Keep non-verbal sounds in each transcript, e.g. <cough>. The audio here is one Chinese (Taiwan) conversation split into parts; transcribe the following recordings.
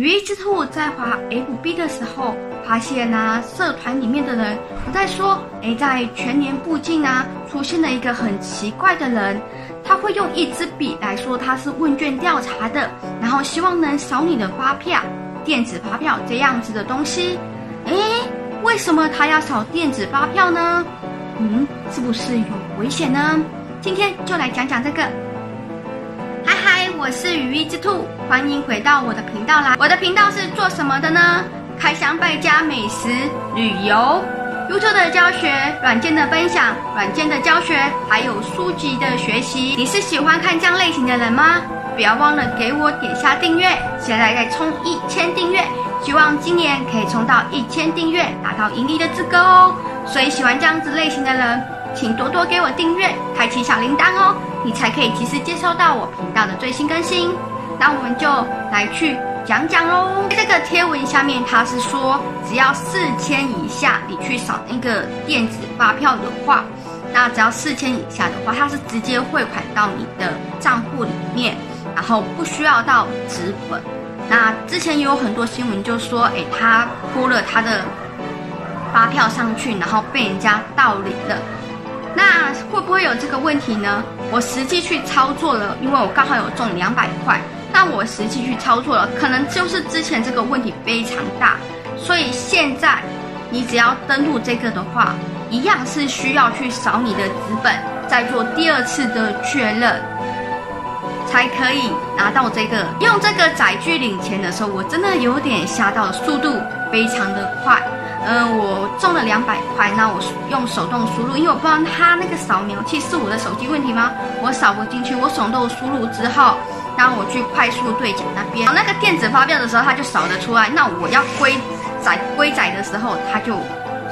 羽翼之兔在划 FB 的時候，發現呢、啊，社團裡面的人都在說，哎，在全聯附近啊，出現了一個很奇怪的人，他會用一支筆來說他是問卷調查的，然後希望能掃你的發票、電子發票這樣子的東西。哎，為什麼他要掃電子發票呢？嗯，是不是有危險呢？今天就來講講這個。我是羽翼之兔，歡迎回到我的頻道來。我的頻道是做什麼的呢？開箱、敗家、美食、旅遊、YouTube 的教學、軟件的分享、軟件的教學，還有書籍的學習。你是喜歡看這樣類型的人嗎？不要忘了給我點下訂閱，現在再衝一千訂閱，希望今年可以衝到一千訂閱，達到盈利的資格哦。所以喜歡這樣子類型的人請多多給我訂閱，開啟小鈴鐺哦，你才可以及時接收到我頻道的最新更新。那我們就來去講講嘍。這個貼文下面它是說，只要四千以下，你去掃那個電子發票的話，那只要四千以下的話，它是直接匯款到你的賬戶裡面，然後不需要到紙本。那之前也有很多新聞就說，哎，他 PO 了他的發票上去，然後被人家盜領了。那會不會有這個問題呢？我實際去操作了，因為我剛好有中兩百塊。但我實際去操作了，可能就是之前這個問題非常大，所以現在你只要登錄這個的話，一樣是需要去掃你的資本，再做第二次的確認，才可以拿到這個。用這個載具領錢的時候，我真的有點嚇到，速度非常的快。嗯、呃，我中了兩百塊，那我用手動輸入，因為我不知道他那個掃描器是我的手機問題嗎？我掃不進去，我手動輸入之後，然後我去快速兌獎那邊，那個電子發票的時候，它就掃得出來。那我要歸仔歸仔的時候，它就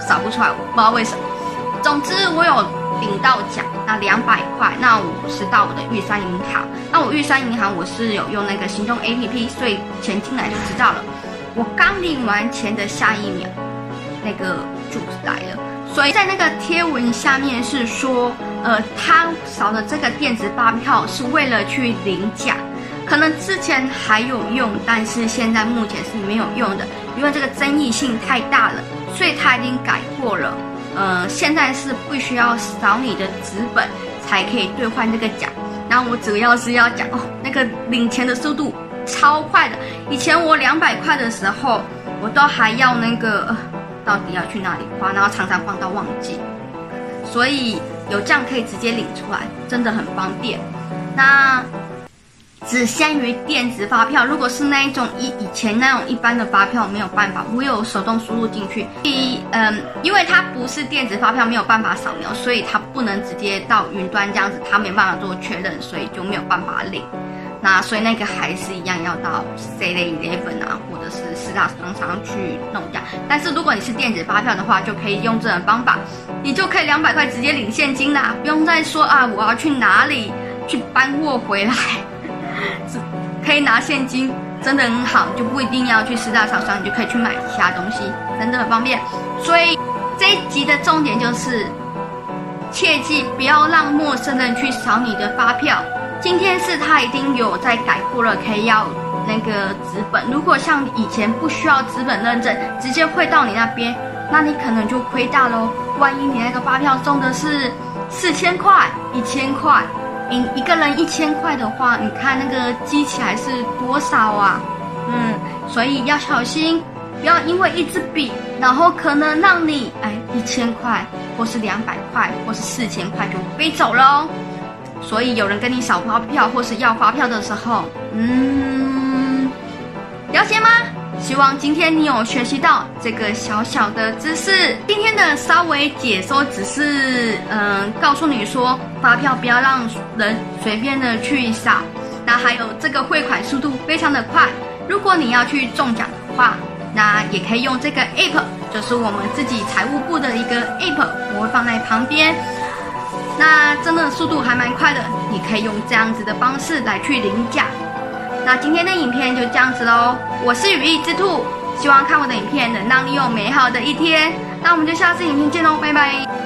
掃不出來，我不知道為什麼。總之我有領到獎，那兩百塊，那我是到我的玉山銀行，那我玉山銀行我是有用那個行動 APP，所以錢進來就知道了。我剛領完錢的下一秒。那個主子來了，所以在那個貼文下面是說，呃，他掃的這個電子發票是為了去領獎，可能之前還有用，但是現在目前是沒有用的，因為這個爭議性太大了，所以他已經改過了，呃，現在是必須要掃你的紙本才可以兌換這個獎。然後我主要是要講哦，那個領錢的速度超快的，以前我兩百塊的時候，我都還要那個。呃到底要去哪裡花，然後常常放到忘記，所以有這樣可以直接領出來，真的很方便。那只限於電子發票，如果是那一種以以前那種一般的發票，沒有辦法，唯有手動輸入進去。第一，嗯、呃，因為它不是電子發票，沒有辦法掃描，所以它不能直接到雲端這樣子，它沒辦法做確認，所以就沒有辦法領。那所以那個還是一樣要到7-11啊，或者是四大超商去弄掉。但是如果你是電子發票的話，就可以用這種方法，你就可以兩百塊直接領現金啦，不用再說啊我要去哪裡去搬貨回來， <laughs> 可以拿現金，真的很好，就不一定要去四大超商，你就可以去買其他東西，真的很方便。所以這一集的重點就是，切記不要讓陌生人去掃你的發票。今天是他一定有在改過了，可以要那個紙本。如果像以前不需要紙本認證，直接匯到你那邊，那你可能就虧大嘍。萬一你那個發票中的是四千塊、一千塊，你、嗯、一個人一千塊的話，你看那個積起來是多少啊？嗯，所以要小心，不要因為一支筆，然後可能讓你哎一千塊，或是兩百塊，或是四千塊就飛走了咯。所以有人跟你掃發票或是要發票的時候，嗯，了解嗎？希望今天你有學習到這個小小的知識。今天的稍微解說只是，嗯，告訴你說發票不要讓人隨便的去掃。那還有這個匯款速度非常的快，如果你要去中獎的話，那也可以用這個 app，就是我們自己財務部的一個 app，我會放在旁邊。那真的速度還蠻快的，你可以用這樣子的方式來去領獎。那今天的影片就這樣子嘍，我是羽翼之兔，希望看我的影片能讓你有美好的一天。那我們就下次影片見嘍，拜拜。